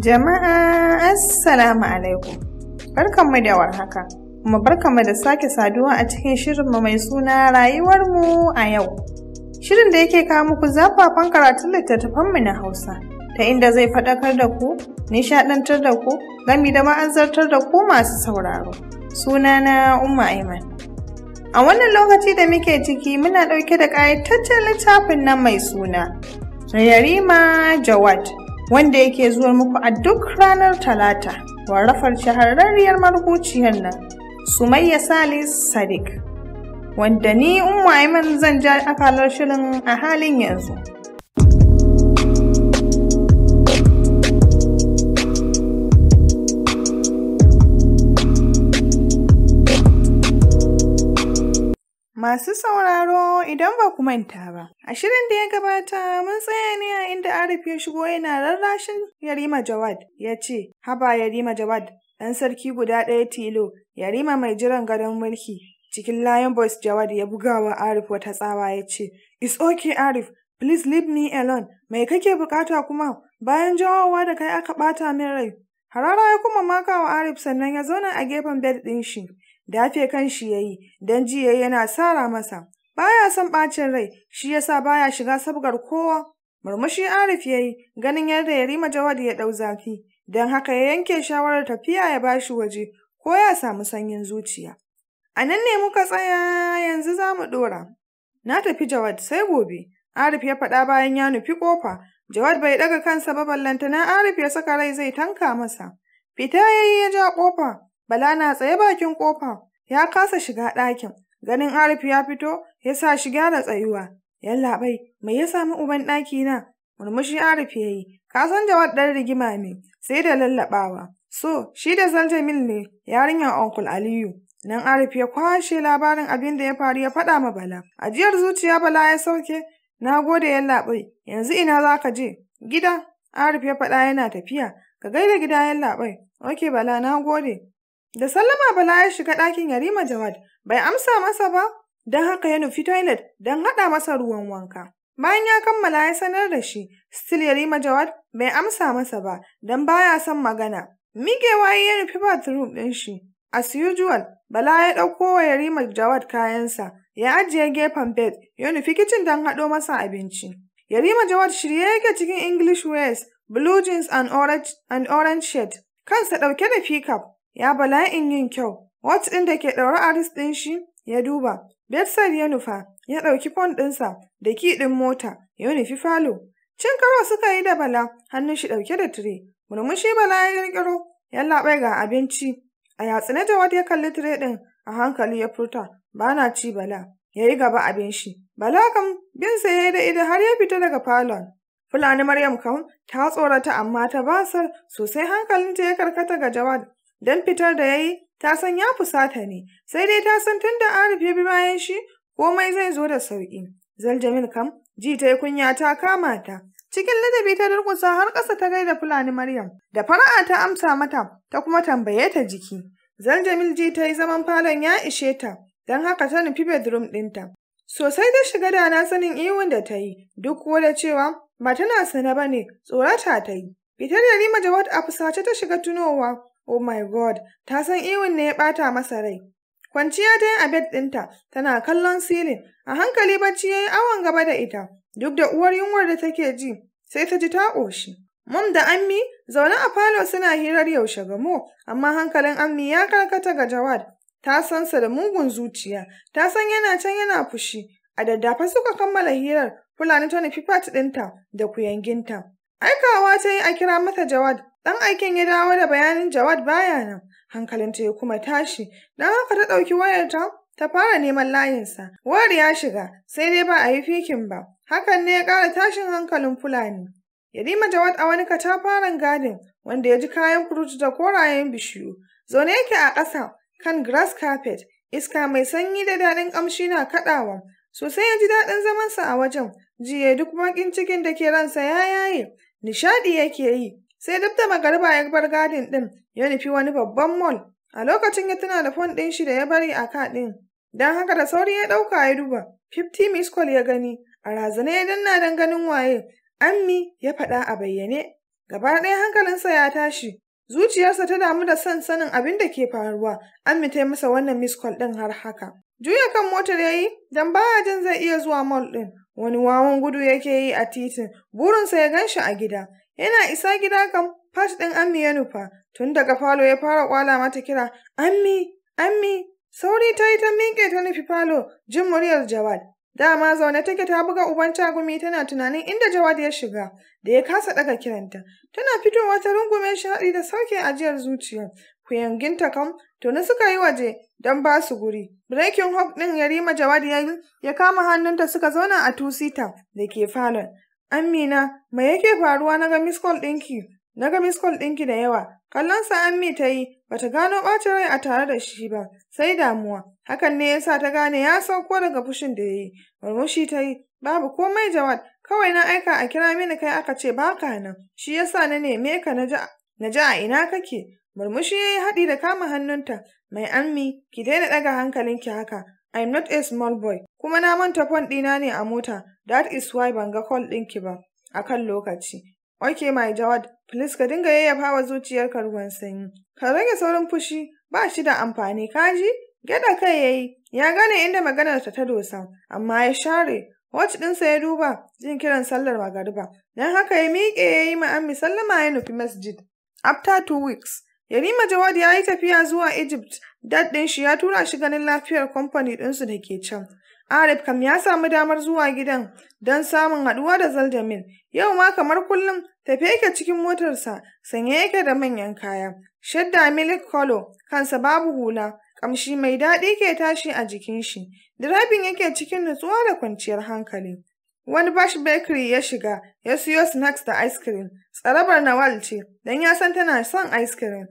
Jama'a Assalamu alaikum. Barkanmu da warhaka. Kuma barkanmu da sake saduwa a cikin shirin mu mai suna rayuwarmu a yau. Shirin da yake kawo muku zafafan karatun mu na Hausa, ta inda zai faɗakar da ku, nishaɗantar da ku, gami da ma'azartar da ku masu sauraro. Sunana Umma Aiman. A wannan lokaci da muke ciki muna ɗauke da ƙayataccen littafin nan mai suna. Yarima Jawad wanda yake zuwa muku a duk ranar talata warafar shahararriyar marubuciyar nan sumayya salis sadiq wanda ni umma zan ja akalar shirin a halin yanzu Masu sauraro idan ba ku manta ba, a shirin da ya gabata mun tsaya ne a inda Arif ya shigo yana rarrashin Yarima Jawad ya ce, Haba Yarima Jawad, ɗan sarki guda ɗaya tilo, Yarima mai jiran gadon mulki. Cikin Lion Boys Jawad ya buga wa Arif wata tsawa ya ce, It's okay Arif, please leave me alone, mai kake bukata kuma bayan jawowa da kai aka ɓata min rai. Harara ya kuma maka wa Arif sannan ya zauna a gefen bed ɗin shi. dafe kan shi ya yi, don jiya yana sara masa baya son bacin rai shi yasa baya shiga sabgar kowa murmushi Arif ya yi. ganin yadda Yarima Jawad ya dau zafi don haka ya yanke shawarar tafiya ya ba shi waje ko ya samu sanyin zuciya a nan ne muka tsaya yanzu za mu dora na tafi Jawad sai gobe Arif ya faɗa bayan ya nufi kofa Jawad bai daga kansa ba ballantana Arif ya saka rai zai tanka masa fita ya yi ya ja kofa Bala na tsaye bakin ƙofa, ya kasa shiga ɗakin. Ganin Arif ya fito, ya sa shi gyara tsayuwa. Yallaɓai, mai ya samu uban ɗaki na? Murmushi Arif ya yi, ka san Jawad ɗan rigima ne, sai da lallaɓawa. So, shi da Zaljamil ne, yarinyar Onkul Aliyu. Nan Arif ya kwashe labarin abin da ya faru ya faɗa ma Bala. Ajiyar zuciya Bala ya sauke, na gode yallabai. yanzu ina za ka je? Gida, Arif ya faɗa yana tafiya, ka gaida gida yallabai. Ok, Bala, na gode. Da sallama Bala ya shiga ɗakin Yarima Jawad, bai amsa masa ba, don haka ya nufi toilet don haɗa masa ruwan wanka. Bayan ya kammala ya sanar da shi, still Yarima Jawad bai amsa masa ba, don baya son magana. Migewa ya nufi bathroom ɗin shi. As usual, Bala ya ɗauko wa Yarima Jawad kayansa, ya ajiye gefen bed, ya nufi kicin don haɗo masa abinci. Yarima Jawad shirye yake cikin English wears, blue jeans and orange, and orange shirt, kansa ɗauke da pickup. Ya bala'in yin kyau. Wat ɗin da ke ɗaure aris ɗin shi ya duba. Bedside ya nufa, ya ɗauki fon ɗinsa da ki ɗin mota, ya nufi falo. Cin karo suka yi da Bala, hannun shi ɗauke da tire. Murmushi Bala ya ƙirƙiro, ya laɓai ga abinci. A yatsune Jawad ya kalli tire ɗin, a hankali ya furta, ba na ci Bala. Ya yi gaba abin shi. Bala kam binsa ya yi da ido har ya fita daga falon. Fulani Maryam kam ta tsorata amma ta basar sosai hankalinta ya karkata ga Jawad. Don fitar da ya yi, ta san ya fusata ne, sai dai ta san tun da Arif ya bi bayan shi, komai zai zo da sauƙi. Zaljamil kam, ji ta yi kunya ta kama ta. Cikin ladabi ta durƙusa har ƙasa ta gaida Fulani Maryam, da fara'a ta amsa mata, ta kuma tambaye ta jiki. Zaljamil ji ta yi zaman falon ya ishe ta, don haka ta nufi bedroom ɗinta. Sosai ta shiga da na sanin iwon da ta yi, duk kuwa da cewa ba tana sane ba ne, tsorata ta yi. Fitar da Rima Jawad a fusace ta shiga tunowa, Oh my God, ta san iwin ne ya ɓata masa rai. Kwanciya ta yi a bed ɗinta, tana kallon silin, a hankali bacci ya yi awon gaba da ita, duk da uwar yunwar da take ji, sai ta ji ta ƙoshi. Mum da Ammi zaune a falo suna hirar yaushe ga mu amma hankalin Ammi ya karkata ga Jawad. Ta san sa da mugun zuciya, ta san yana can yana fushi. A daddafa suka kammala hirar, Fulani ta nufi fat ɗinta da kuyanginta. Aikawa ta yi a kira mata Jawad, Ɗan aikin ya dawo da bayanin Jawad baya nan, hankalinta ya kuma tashi, don haka ta ɗauki wayarta ta fara neman layinsa. Wayar ya shiga, sai dai ba a yi fikin ba. Hakan ne ya ƙara tashin hankalin Fulani. Yarima Jawad a wani katafaren gadin wanda ya ji kayan furutu da korayen bishiyu. Zaune yake a ƙasa kan grass carpet, iska mai sanyi da daɗin ƙamshi na kaɗawa. Sosai ya ji daɗin zamansa a wajen, jiya duk baƙin cikin da ke ransa ya yaye. Nishaɗi yake yi, Sai duk da magariba ya bar gadin ɗin ya nufi wani babban mall. A lokacin ya tuna da fon ɗin shi da ya bari a ka ɗin. Don haka da sauri ya ɗauka ya duba. Fifty miss call ya gani. A razana ya danna dan ganin waye. Ammi ya faɗa a bayyane. Gaba ɗaya hankalinsa ya tashi. Zuciyarsa ta damu da son sanin abin da ke faruwa. Ammi ta yi masa wannan miss call ɗin har haka. Juya kan motar ya yi, don ba jin zai iya zuwa mall ɗin. Wani wawan gudu yake yi a titin, burinsa ya gan shi a gida. Yana isa gida kan fash ɗin Ammi ya nufa, tun daga falo ya fara kwala mata kira, Ammi, Ammi, sauri ta yi ta miƙe ta nufi falo, jin muryar Jawad. Dama zaune take ta buga uban tagumi tana tunanin inda Jawad ya shiga, da ya kasa ɗaga kiranta. Tana fitowa ta rungume shi haɗi da sauke ajiyar zuciya. Kuyanginta kam, tuni suka yi waje don ba su guri. Breaking Hope ɗin Yarima Jawad ya kama hannunta suka zauna a tusita da ke falon. Amina, me yake faruwa na ga miskol ɗinki? Na ga miskol ɗinki da yawa. kallon sa Ammi ta yi, bata gano ɓacin rai a tare da shi ba, sai damuwa. Hakan ne yasa ta gane ya sauko daga fushin da ya yi. Murmushi ta yi, babu komai Jawad, kawai na aika a kira mini kai aka ce baka nan. Shi yasa na neme ka na ji a ina kake. Murmushi ya yi haɗi da kama hannunta. Mai ammi, ki daina ɗaga hankalinki haka. I'm not a small boy, kuma na manta fon ɗina ne a mota, that is why ban ga call ɗinki ba, a kan lokaci. Ok, my Jawad, please ka dinga yayyafa wa zuciyarka ruwan sanyi. Ka rage saurin fushi, ba shi da amfani, kaji? Gyaɗa kai yayi, ya gane inda maganar ta ta dosa, amma ya share. Watch ɗinsa ya duba, jin kiran sallar magariba. Don haka ya miƙe ya yi ma'ammi sallama ya nufi masjid. After two weeks, Yarima Jawad ya yi tafiya zuwa Egypt, dad ɗin shi ya tura shi ganin lafiyar kamfani ɗinsu da ke can. Arif kam ya samu damar zuwa gidan don samun haɗuwa da Zaldamin. Yau ma kamar kullum tafi yake cikin motarsa, sanye yake da manyan kaya. Shadda milik kolo, kansa babu hula, Kamshi mai daɗi ke tashi a jikin shi. Direbin yake cikin nutsuwa da kwanciyar hankali. Wani bash bakery ya shiga, ya siyo snacks da ice cream. Tsarabar Nawal ce, don ya san tana son ice cream.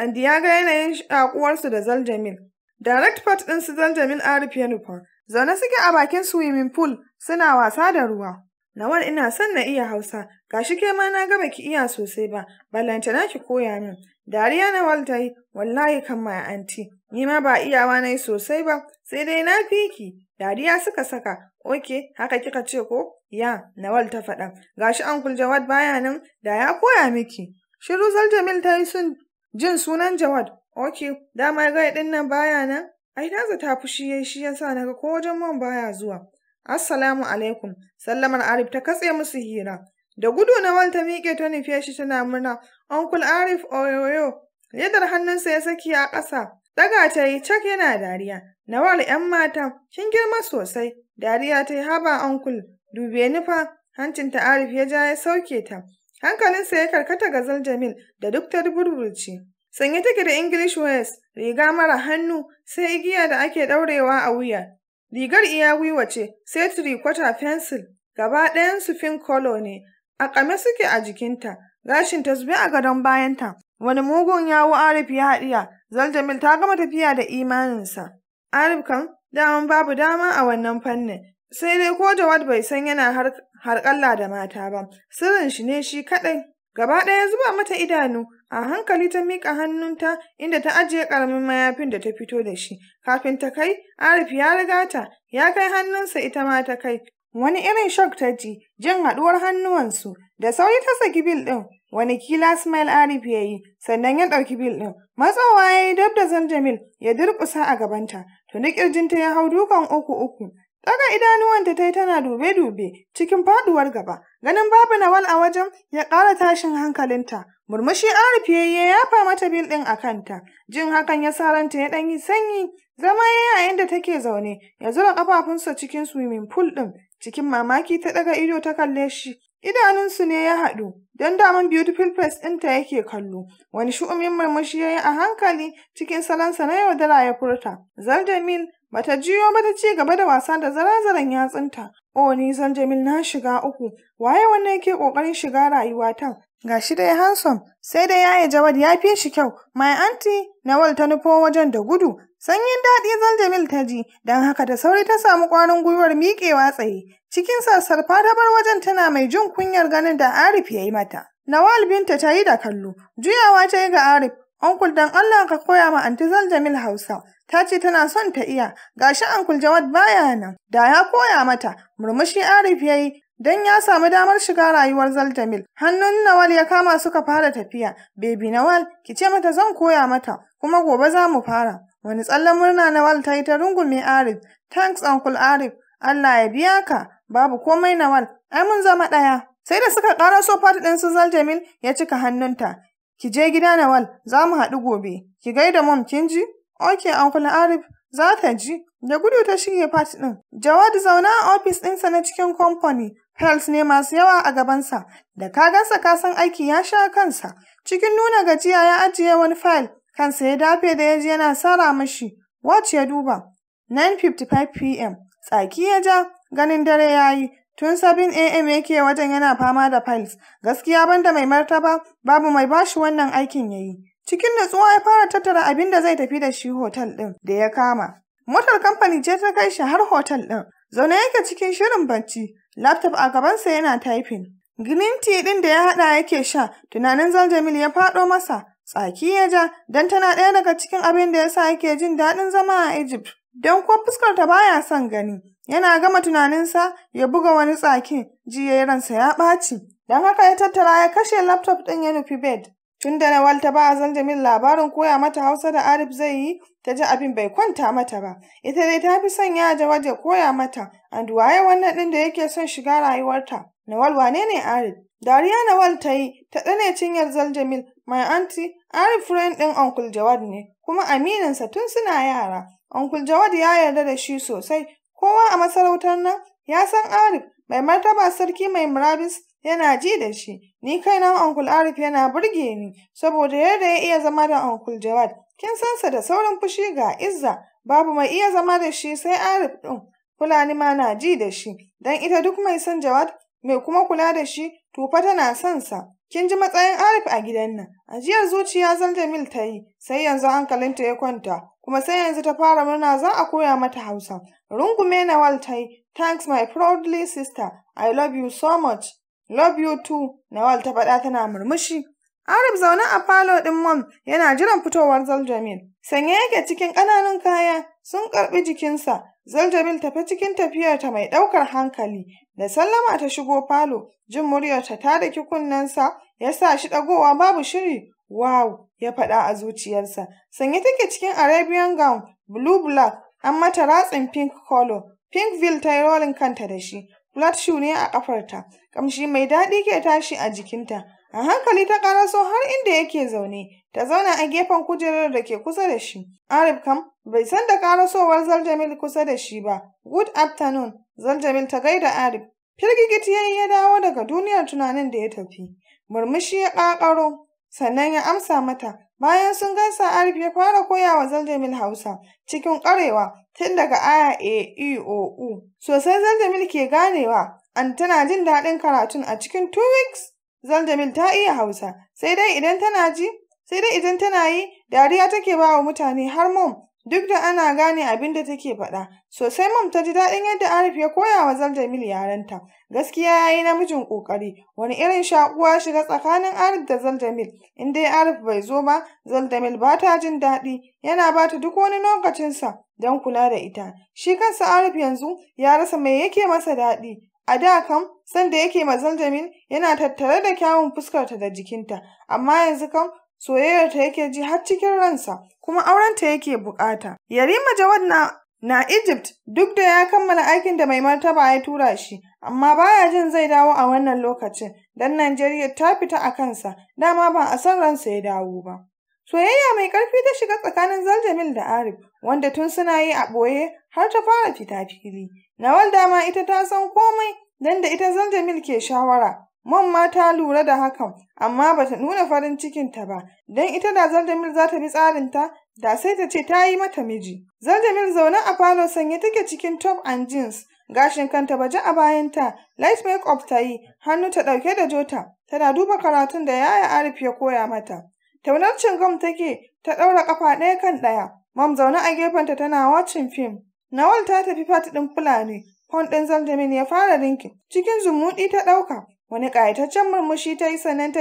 Andi ya ga yanayin shakuwarsu da Zaljamil. Direct part din su Zaljamil a rufe nufa. Zaune suke a bakin swimming pool suna wasa da ruwa. Nawal ina son na iya Hausa, gashi ke ma na gaba ki iya sosai ba, na ki koya min. Dariya Nawal ta yi, wallahi kan ma anti, ni ma ba iyawa na yi sosai ba, sai dai na fi ki. Dariya suka saka, "Ok, haka kika ce ko? Ya, Nawal ta faɗa, gashi Uncle Jawad baya nan, da ya koya miki. Shiru Zaljamil ta yi sun Jin sunan Jawad, ok, dama gai ɗin nan baya nan? Ai za ta fushi yayi shi yasa naga ko wajen man baya zuwa. Assalamu alaikum, sallamar Arif ta katse musu hira. Da gudu na wal ta miƙe ta nufe shi tana murna, Uncle Arif oyoyo, Yadar hannunsa ya saki a ƙasa. Daga ta yi cak yana dariya. Nawal ‘yan mata, kin girma sosai. Dariya ta yi haba uncle, dube ni hancinta Arif ya ja ya sauke ta. Hankalinsa ya karkata ga Zaljamil da duk ta burburci. Sanye take da English West, riga mara hannu, sai igiya da ake daurewa a wuya. Rigar iya gwiwa ce, sai turikwata fensil, gaba ɗayan su fin kolo ne, a ƙame suke a jikinta, gashin ta zube a gadon bayanta. Wani mugun yawo Arif ya haɗiya, Zaljamil ta gama tafiya da imaninsa. Arif kan, daman babu dama a wannan fannin, Sai dai ko Jawad bai san yana harƙalla da mata ba, sirrin shi ne shi kadai Gaba ɗaya zuba mata idanu, a hankali ta miƙa hannunta inda ta ajiye ƙaramin mayafin da ta fito da shi. Kafin ta kai, Arif ya riga ta, ya kai hannunsa ita ma ta kai. Wani irin shock ta ji, jin haɗuwar hannuwansu, da sauri ta saki bil ɗin, wani kila smail Arif ya yi, sannan ya ɗauki bil ɗin. Matsowa ya yi dab da Zanjamil ya durƙusa a gabanta, tuni ƙirjinta ya hau dukan uku uku. Daga idanuwanta ta yi tana dube-dube cikin faduwar gaba, ganin babu Nawal a wajen ya ƙara tashin hankalinta. Murmushi an rufe ya fa mata bil ɗin a kanta, jin hakan ya sa ranta ya ɗan yi sanyi, zama ya yayin da take zaune, ya zura kafafunsa cikin swimming pool ɗin. Cikin mamaki ta ɗaga ido ta kalle shi, idanunsu ne ya haɗu, don daman beautiful face ɗinta yake kallo. Wani shu'umin murmushi ya yi a hankali cikin salonsa na yaudara ya furta. zaldamin Bata jiyo ba ta ci gaba da wasa da zarazaran yatsunta. O oh, zan Jamil na shiga uku, waye wannan yake ƙoƙarin shiga rayuwa ta? Ga shi dai hansom, sai dai yaye Jawad ya fi shi kyau. My aunty Nawal ta nufo wajen da gudu. Sanyin daɗi Zan-Jamil ta ji, don haka da sauri ta samu ƙwarin gwiwar miƙewa tsaye. Cikin sassarfa ta bar wajen tana mai jin kunyar ganin da Arif ya yi mata. Nawal binta ta yi da kallo, juyawa ta yi ga Arif, Ankul dan Allah ka koya ma anti Zaljamil Hausa. Ta ce tana son ta iya. Gashi Ankul Jawad baya nan. Da ya koya mata. Murmushi Arif yayi dan ya samu damar shiga rayuwar Zaljamil. Hannun Nawal ya kama suka fara tafiya. Baby Nawal, ki ce mata zan koya mata kuma gobe za mu fara. Wani tsallan murna Nawal ta yi ta rungume Arif. Thanks Uncle Arif. Allah ya biya ka. Babu komai Nawal. Ai mun zama ɗaya. Sai da suka ƙara so fati ɗin su Zaljamil ya cika hannunta. Ki je gida na wal. za mu haɗu gobe. Ki gaida mom kin ji? Oke Uncle Arif, za ta ji. Da gudu ta shige fat ɗin. Jawad zauna a ofis ɗinsa na cikin kamfani. Pels ne masu yawa a gabansa. Da ka gansa ka san aiki ya sha kansa. Cikin nuna gajiya ya ajiye wani fayil. Kansa ya dafe da ya ji yana sara mashi. Watch ya duba. 9:55 p.m. Tsaki ya ja, ganin dare ya yi. Tun sabin AM yake wajen yana fama da files, gaskiya banda mai martaba babu mai bashi wannan aikin yayi. Cikin nutsuwa ya fara tattara abin da zai tafi da shi hotel ɗin da ya kama. Motar kamfani ce ta kai shi har hotel ɗin. Zaune yake cikin shirin bacci, laptop a gabansa yana typing. Green tea ɗin da ya haɗa yake sha, tunanin Zaljamil ya faɗo masa. Tsaki ya ja, don tana ɗaya daga cikin abin da ya sa yake jin daɗin zama a Egypt. Don kuwa fuskarta baya son gani. Yana gama tunaninsa ya buga wani tsakin ji ya ransa ya ɓaci. Don haka ya tattara ya kashe laptop ɗin ya nufi bed. Tun da Nawal ta ba a Jamil labarin koya mata Hausa da Arif zai yi, ta ji abin bai kwanta mata ba. Ita dai ta fi son ya Jawad waje koya mata, and waye wannan ɗin da yake son shiga rayuwarta. Nawal wane ne Arif? Dariya Nawal ta yi, ta ɗane cinyar Zaljamil, mai anti, Arif friend ɗin Uncle Jawad ne, kuma amininsa tun suna yara. Uncle Jawad ya yarda da shi sosai, Kowa a masarautar nan ya san Arif, mai martaba sarki mai murabis yana ji da shi. Ni kaina Uncle Arif yana burge ni, saboda yadda ya iya zama da Uncle Jawad. Kin san sa da saurin fushi ga Izza, babu mai iya zama da shi sai Arif ɗin. Fulani ma na ji da shi, dan ita duk mai san Jawad mai kuma kula da shi tufa tana son sa. Kin ji matsayin Arif a gidan nan. Ajiyar zuciya Zaldamil ta yi, sai yanzu hankalinta ya kwanta, kuma sai yanzu ta fara murna za a koya mata Hausa. Rungume Nawal ta yi, Thanks my proudly sister, I love you so much. Love you too, Nawal ta faɗa tana murmushi. Arif zaune a falo ɗin mom yana jiran fitowar Zaljamil. Sanye yake cikin ƙananan kaya sun karɓi jikinsa Zaljamil tafi cikin tafiyarta mai ɗaukar hankali, da sallama ta shigo falo, jin muryarta ta daki kunnensa ya sa shi ɗagowa babu shiri. Wow! ya faɗa a zuciyarsa. Sanye take cikin Arabian gown, blue black, an mata ratsin pink color. Pink veil ta yi rolling kanta da shi. Flat shoe ne a ƙafarta. Kamshi mai daɗi ke tashi a jikinta. A hankali ta ƙaraso har inda yake zaune, ta zauna a gefen kujerar da ke kusa da shi. Arif kam bai san da ƙarasowar Zaljamil kusa da shi ba. Good afternoon, Zaljamil ta gaida Arif. Firgigiti ya yi ya dawo daga duniyar tunanin da ya tafi. Murmushi ya ƙaƙaro, sannan ya amsa mata. Bayan sun gaisa Arif ya fara koya wa Zaljamil Hausa cikin ƙwarewa tun daga aya e o u. Sosai Zaljamil ke ganewa, an tana jin daɗin karatun a cikin two weeks Zaljamil ta iya Hausa, sai dai idan tana ji, sai dai idan tana yi, dariya take ba wa mutane har mom, duk da ana gane abin da take faɗa. Sosai mom ta ji daɗin yadda Arif ya koya wa Zaljamil yarenta. Gaskiya ya yi namijin ƙoƙari, wani irin shaƙuwa shiga tsakanin Arif da Zaljamil. In dai Arif bai zo ba, zanjamil ba ta jin daɗi, yana ba ta duk wani lokacinsa don kula da ita. Shi kansa Arif yanzu ya rasa mai yake masa daɗi, A da kam, sanda yake mazanjamin yana tattare da kyawun fuskarta da jikinta, amma yanzu kam soyayyarta yake ji har cikin ransa, kuma aurenta yake bukata. Yarima Jawad na na Egypt duk da ya kammala aikin da mai martaba ya tura shi, amma baya jin zai dawo a wannan lokacin, dan Najeriya ta fita a kansa, dama ba a san ransa ya dawo ba. Soyayya mai ƙarfi ta shiga tsakanin Zaljamil da Arif, wanda tun suna yi a boye har ta fara fita fili. Nawal dama ita ta san komai don da ita Zaljamil ke shawara. man ma ta lura da hakan, amma ba ta nuna farin cikinta ba, don ita da Zaljamil za ta bi tsarinta, da sai ta ce ta yi mata miji. Zaljamil zaune a falo sanye take cikin top and jeans, gashin kanta baje a bayanta, light makeup ta yi, hannu ta dauke da jota, tana duba karatun da yaya Arif ya koya mata. Taunar cin gam take, ta daura kafa ɗaya kan ɗaya. mam zaune a gefenta tana watching film. Nawal ta tafi fati ɗin Fulani, hon ɗin Zaljamin ya fara rinkin. Cikin zumuɗi ta ɗauka, wani ƙayataccen murmushi ta yi sannan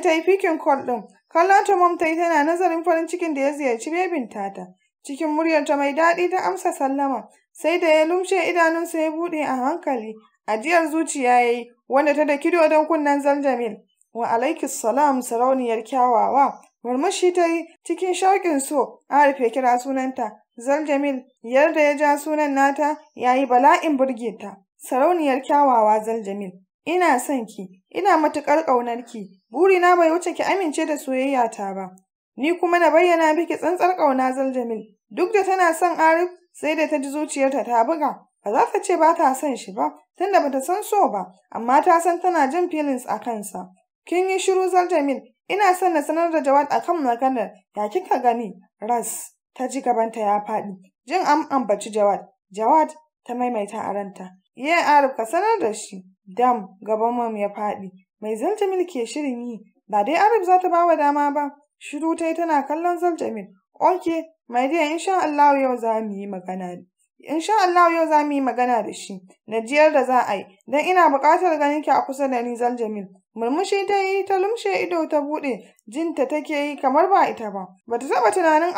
ta yi fikin kol ɗin. Kallon ta mom yi tana nazarin farin cikin da ya ziyarci bebin tata. Cikin muryar ta mai daɗi ta amsa sallama, sai da ya lumshe idanunsa ya buɗe a hankali. Ajiyar zuciya ya yi, wanda ta da kido don kunnen Zaljamil. Wa alaikis salam sarauniyar kyawawa. Murmushi ta yi cikin shauƙin so, a rufe kira sunanta, Zaljamil, yadda ya ja sunan nata, ya yi bala'in burge ta. Sarauniyar kyawawa Zaljamil, ina son ki, ina matuƙar ƙaunar ki, burina bai wuce ki amince da soyayya ta ba. Ni kuma na bayyana miki tsantsar ƙauna Zaljamil, duk da tana son Arif sai da ta ji zuciyarta ta buga. Ba za ta ce ba ta son shi ba, tunda ba ta san so ba, amma ta san tana jin feelings a kansa. Kin yi shiru Zaljamil, ina son na sanar da Jawad akan maganar, ya kika gani? Ras. ta ji gabanta ya faɗi. Jin an ambaci Jawad, Jawad ta maimaita a ranta. Ye Arif ka sanar da shi. Dam gaban mam ya faɗi. Mai Zaljamil ke shirin yi, ba dai Arif za ta bawa dama ba. Shiru ta yi tana kallon Zaljamil. Ok, mai dear insha Allah yau za mu yi magana. Insha Allah yau za mu yi magana da shi, na jiyar da za a yi, dan ina buƙatar ganin ki a kusa da ni Zaljamil. Murmushi ta yi ta lumshe ido ta buɗe, jinta take yi kamar ba ita ba. Bata taɓa tunanin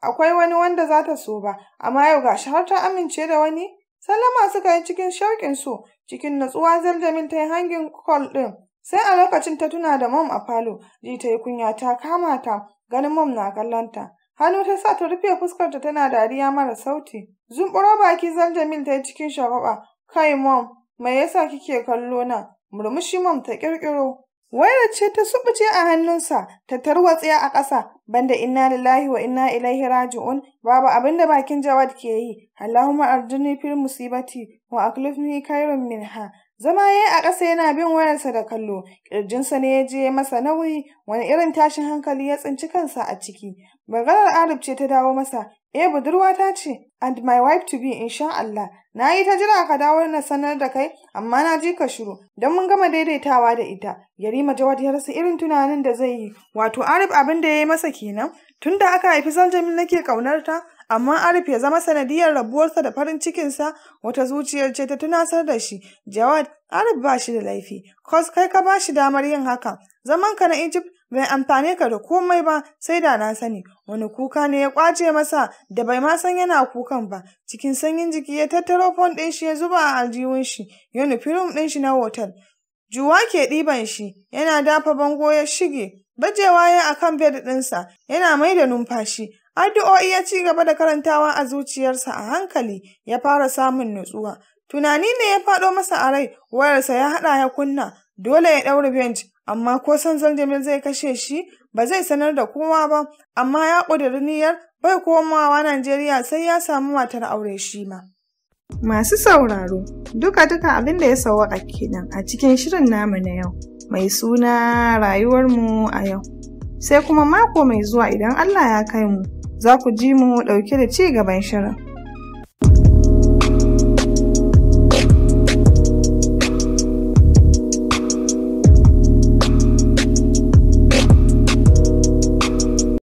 akwai wani wanda za ta so ba, amma yau ga shi har ta amince da wani. Sallama suka yi cikin shauƙin su, cikin natsuwa zaljamin ta yi hangin kol ɗin. Sai a lokacin ta tuna da mom a falo, ji ta yi kunya ta kama ta, ganin mom na kallon ta. Hannu ta sa ta rufe fuskar ta tana dariya mara sauti. zumburo baki Zaljamil ta yi cikin shagaba. Kai mom, me yasa kike kallo na? murmushi mam ta ƙirƙiro. Wayar ce ta subuce a hannunsa, ta tarwatse a ƙasa, banda inna lillahi wa inna ilaihi raji'un, babu abin da bakin Jawad ke yi, Allahumma arjini fil musibati wa aklifni khairun minha. Zama yayi a ƙasa yana bin wayarsa da kallo, ƙirjinsa ne ya je masa nauyi, wani irin tashin hankali ya tsinci kansa a ciki. Maganar Arab ce ta dawo masa, Eh budurwata ce, and my wife to be insha Allah. Na yi ta jira ka dawo na sanar da kai, amma na ji ka shiru, don mun gama daidaitawa da ita. Yarima Jawad ya rasa irin tunanin da zai yi, wato Arif abin da ya yi masa kenan. Tun da aka haifi Saljamil nake ƙaunarta, amma Arif ya zama sanadiyar rabuwarsa da farin cikinsa, wata zuciyar ce ta tunasar da shi. Jawad, Arif ba shi da laifi, kos kai ka ba shi damar yin haka. zaman ka na Egypt bai amfane ka da komai ba sai da na sani wani kuka ne ya kwace masa da bai ma san yana kukan ba cikin sanyin jiki ya tattaro fon ɗin shi ya zuba a aljihun shi ya nufi rum ɗin shi na hotel juwa ke ɗiban shi yana dafa bango ya shige bajewa ya akan bed ɗinsa yana mai da numfashi addu'o'i ya ci gaba da karantawa a zuciyarsa a hankali ya fara samun nutsuwa tunani ne ya faɗo masa a rai wayarsa ya haɗa ya kunna dole ya ɗaure bench amma ko san zai kashe shi ba zai sanar da kowa ba amma ya ƙudiri niyyar bai komawa Najeriya sai ya samu matar aure shi ma. Masu sauraro duka duka abin da ya a kenan a cikin shirin namu na yau mai suna rayuwarmu a yau. Sai kuma mako mai zuwa idan Allah ya kai mu za ku ji mu ɗauke da ci gaban shirin.